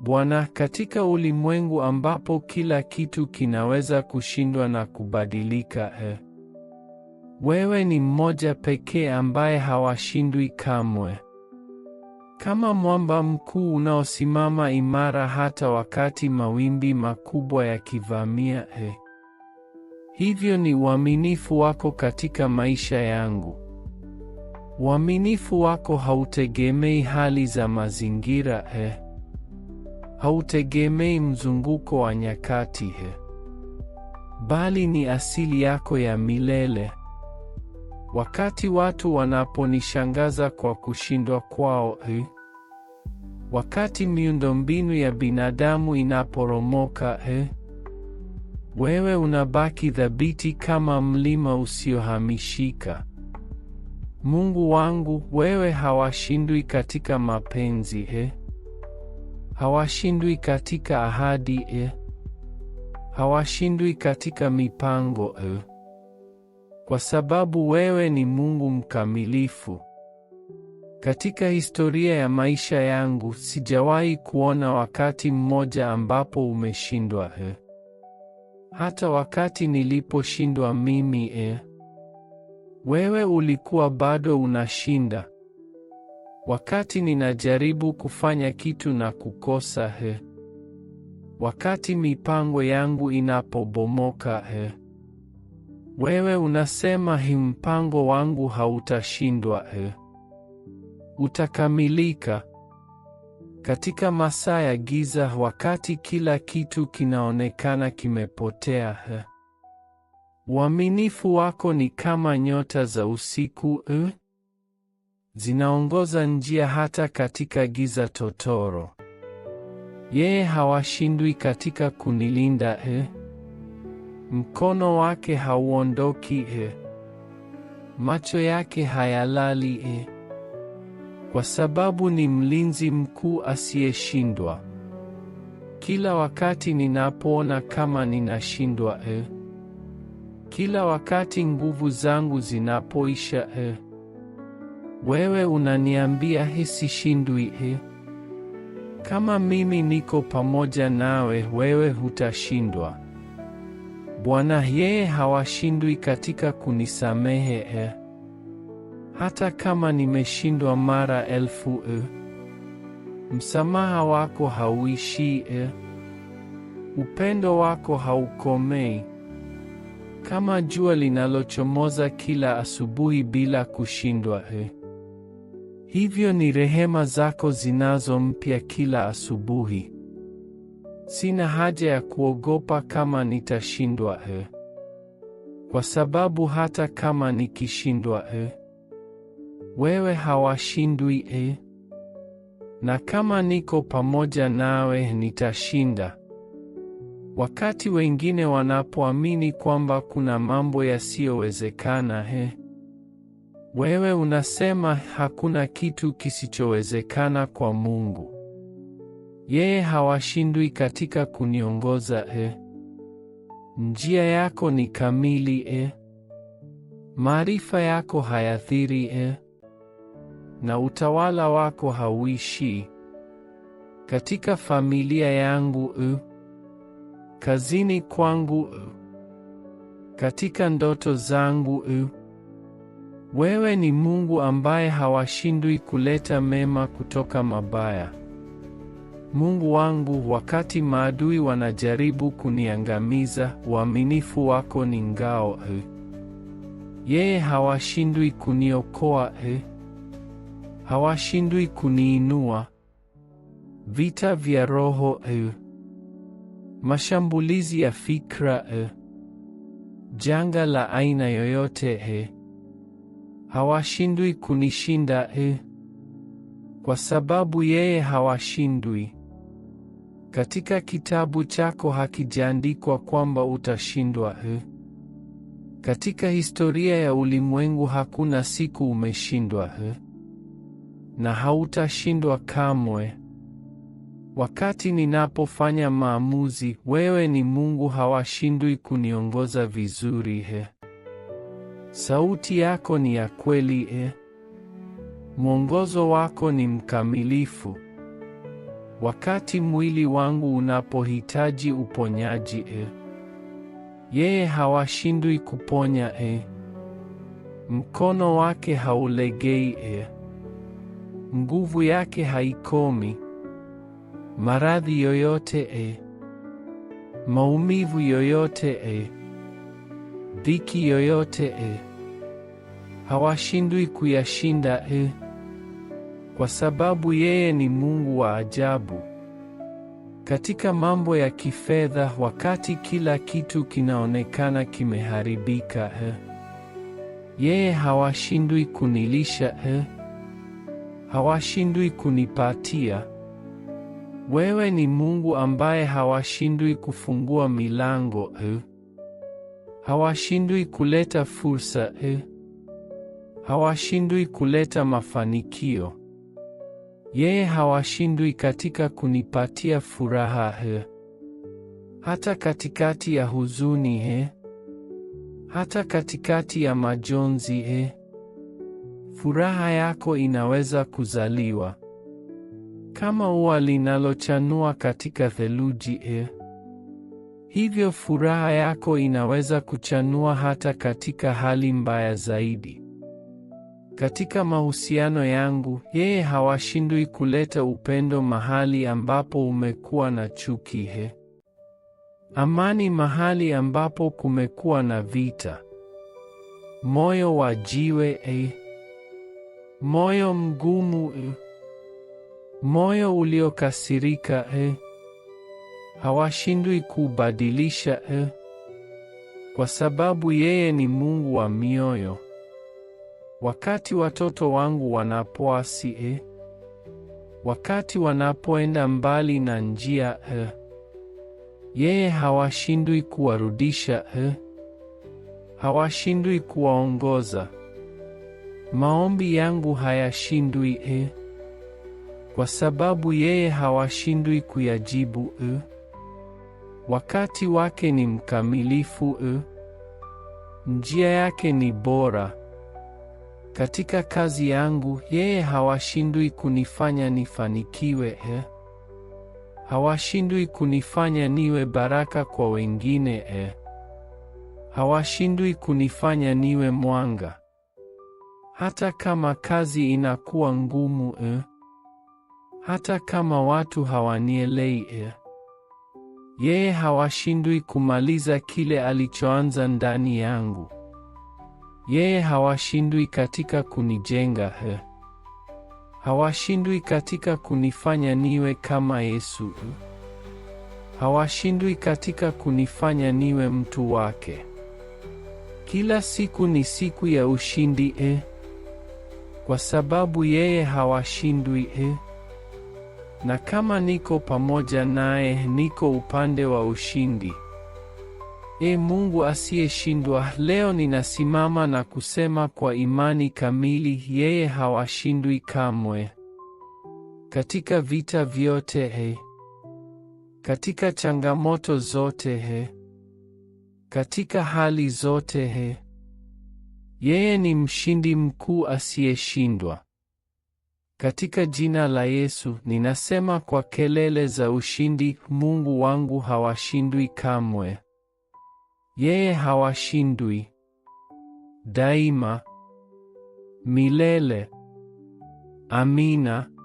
Bwana, katika ulimwengu ambapo kila kitu kinaweza kushindwa na kubadilika, eh, wewe ni mmoja pekee ambaye hawashindwi kamwe, kama mwamba mkuu unaosimama imara hata wakati mawimbi makubwa yakivamia, eh. Hivyo ni uaminifu wako katika maisha yangu. Uaminifu wako hautegemei hali za mazingira, eh hautegemei mzunguko wa nyakati he, bali ni asili yako ya milele. Wakati watu wanaponishangaza kwa kushindwa kwao he, wakati miundombinu ya binadamu inaporomoka he, wewe unabaki thabiti kama mlima usiohamishika. Mungu wangu, wewe hawashindwi katika mapenzi he hawashindwi katika ahadi e, hawashindwi katika mipango e, kwa sababu wewe ni Mungu mkamilifu. Katika historia ya maisha yangu sijawahi kuona wakati mmoja ambapo umeshindwa e, hata wakati niliposhindwa mimi e, wewe ulikuwa bado unashinda. Wakati ninajaribu kufanya kitu na kukosa he. Wakati mipango yangu inapobomoka he. Wewe unasema hi, mpango wangu hautashindwa he. Utakamilika. Katika masaa ya giza, wakati kila kitu kinaonekana kimepotea he. Uaminifu wako ni kama nyota za usiku eh? zinaongoza njia hata katika giza totoro. Yeye hawashindwi katika kunilinda he. Eh? Mkono wake hauondoki he. Eh? Macho yake hayalali he. Eh? Kwa sababu ni mlinzi mkuu asiyeshindwa. Kila wakati ninapoona kama ninashindwa eh. Kila wakati nguvu zangu zinapoisha eh. Wewe unaniambia hesi shindwi he. Kama mimi niko pamoja nawe, wewe hutashindwa. Bwana yeye hawashindwi katika kunisamehe he, hata kama nimeshindwa mara elfu e. Msamaha wako hauishii e. Upendo wako haukomei, kama jua linalochomoza kila asubuhi bila kushindwa e. Hivyo ni rehema zako zinazompya kila asubuhi. Sina haja ya kuogopa kama nitashindwa he, eh. kwa sababu hata kama nikishindwa he, eh. wewe hawashindwi he, eh. na kama niko pamoja nawe nitashinda. Wakati wengine wanapoamini kwamba kuna mambo yasiyowezekana he, wewe unasema hakuna kitu kisichowezekana kwa Mungu. Yeye hawashindwi katika kuniongoza eh. Njia yako ni kamili eh. Maarifa yako hayathiri eh. Na utawala wako hauishi katika familia yangu eh. Kazini kwangu eh. Katika ndoto zangu eh. Wewe ni Mungu ambaye hawashindwi kuleta mema kutoka mabaya. Mungu wangu, wakati maadui wanajaribu kuniangamiza, uaminifu wako ni ngao. Eh. Yeye hawashindwi kuniokoa, eh. hawashindwi kuniinua. Vita vya roho, eh. mashambulizi ya fikra, janga la aina yoyote hawashindwi kunishinda eh, kwa sababu yeye hawashindwi. Katika kitabu chako hakijaandikwa kwamba utashindwa eh. Katika historia ya ulimwengu hakuna siku umeshindwa eh, na hautashindwa kamwe. Wakati ninapofanya maamuzi, wewe ni Mungu, hawashindwi kuniongoza vizuri he. Sauti yako ni ya kweli e. Mwongozo wako ni mkamilifu. Wakati mwili wangu unapohitaji uponyaji e. Yeye hawashindwi kuponya e. Mkono wake haulegei e. Nguvu yake haikomi. Maradhi yoyote e. Maumivu yoyote e. Dhiki yoyote e hawashindwi kuyashinda eh, kwa sababu yeye ni Mungu wa ajabu. Katika mambo ya kifedha, wakati kila kitu kinaonekana kimeharibika eh, yeye hawashindwi kunilisha eh, hawashindwi kunipatia. Wewe ni Mungu ambaye hawashindwi kufungua milango eh, hawashindwi kuleta fursa eh hawashindwi kuleta mafanikio. Yeye hawashindwi katika kunipatia furaha he, hata katikati ya huzuni he, hata katikati ya majonzi he. Furaha yako inaweza kuzaliwa kama ua linalochanua katika theluji he. Hivyo furaha yako inaweza kuchanua hata katika hali mbaya zaidi. Katika mahusiano yangu, yeye hawashindwi kuleta upendo mahali ambapo umekuwa na chuki, he, amani mahali ambapo kumekuwa na vita, moyo wa jiwe, e, moyo mgumu, e, moyo uliokasirika, e, hawashindwi kubadilisha, e, kwa sababu yeye ni Mungu wa mioyo wakati watoto wangu wanapoasi eh, wakati wanapoenda mbali na njia eh, yeye hawashindwi kuwarudisha eh, hawashindwi kuwaongoza. Maombi yangu hayashindwi eh, kwa sababu yeye hawashindwi kuyajibu eh, wakati wake ni mkamilifu eh, njia yake ni bora. Katika kazi yangu yeye hawashindwi kunifanya nifanikiwe eh? Hawashindwi kunifanya niwe baraka kwa wengine eh? Hawashindwi kunifanya niwe mwanga hata kama kazi inakuwa ngumu eh? Hata kama watu hawanielei eh? Yeye hawashindwi kumaliza kile alichoanza ndani yangu. Yeye hawashindwi katika kunijenga he. Hawashindwi katika kunifanya niwe kama Yesu. Hawashindwi katika kunifanya niwe mtu wake. Kila siku ni siku ya ushindi e, kwa sababu yeye hawashindwi e. Na kama niko pamoja naye, niko upande wa ushindi. E Mungu asiyeshindwa, leo ninasimama na kusema kwa imani kamili, yeye hawashindwi kamwe. Katika vita vyote he, katika changamoto zote he, katika hali zote he, yeye ni mshindi mkuu asiyeshindwa. Katika jina la Yesu ninasema kwa kelele za ushindi, Mungu wangu hawashindwi kamwe. Yeye hawashindwi daima milele. Amina.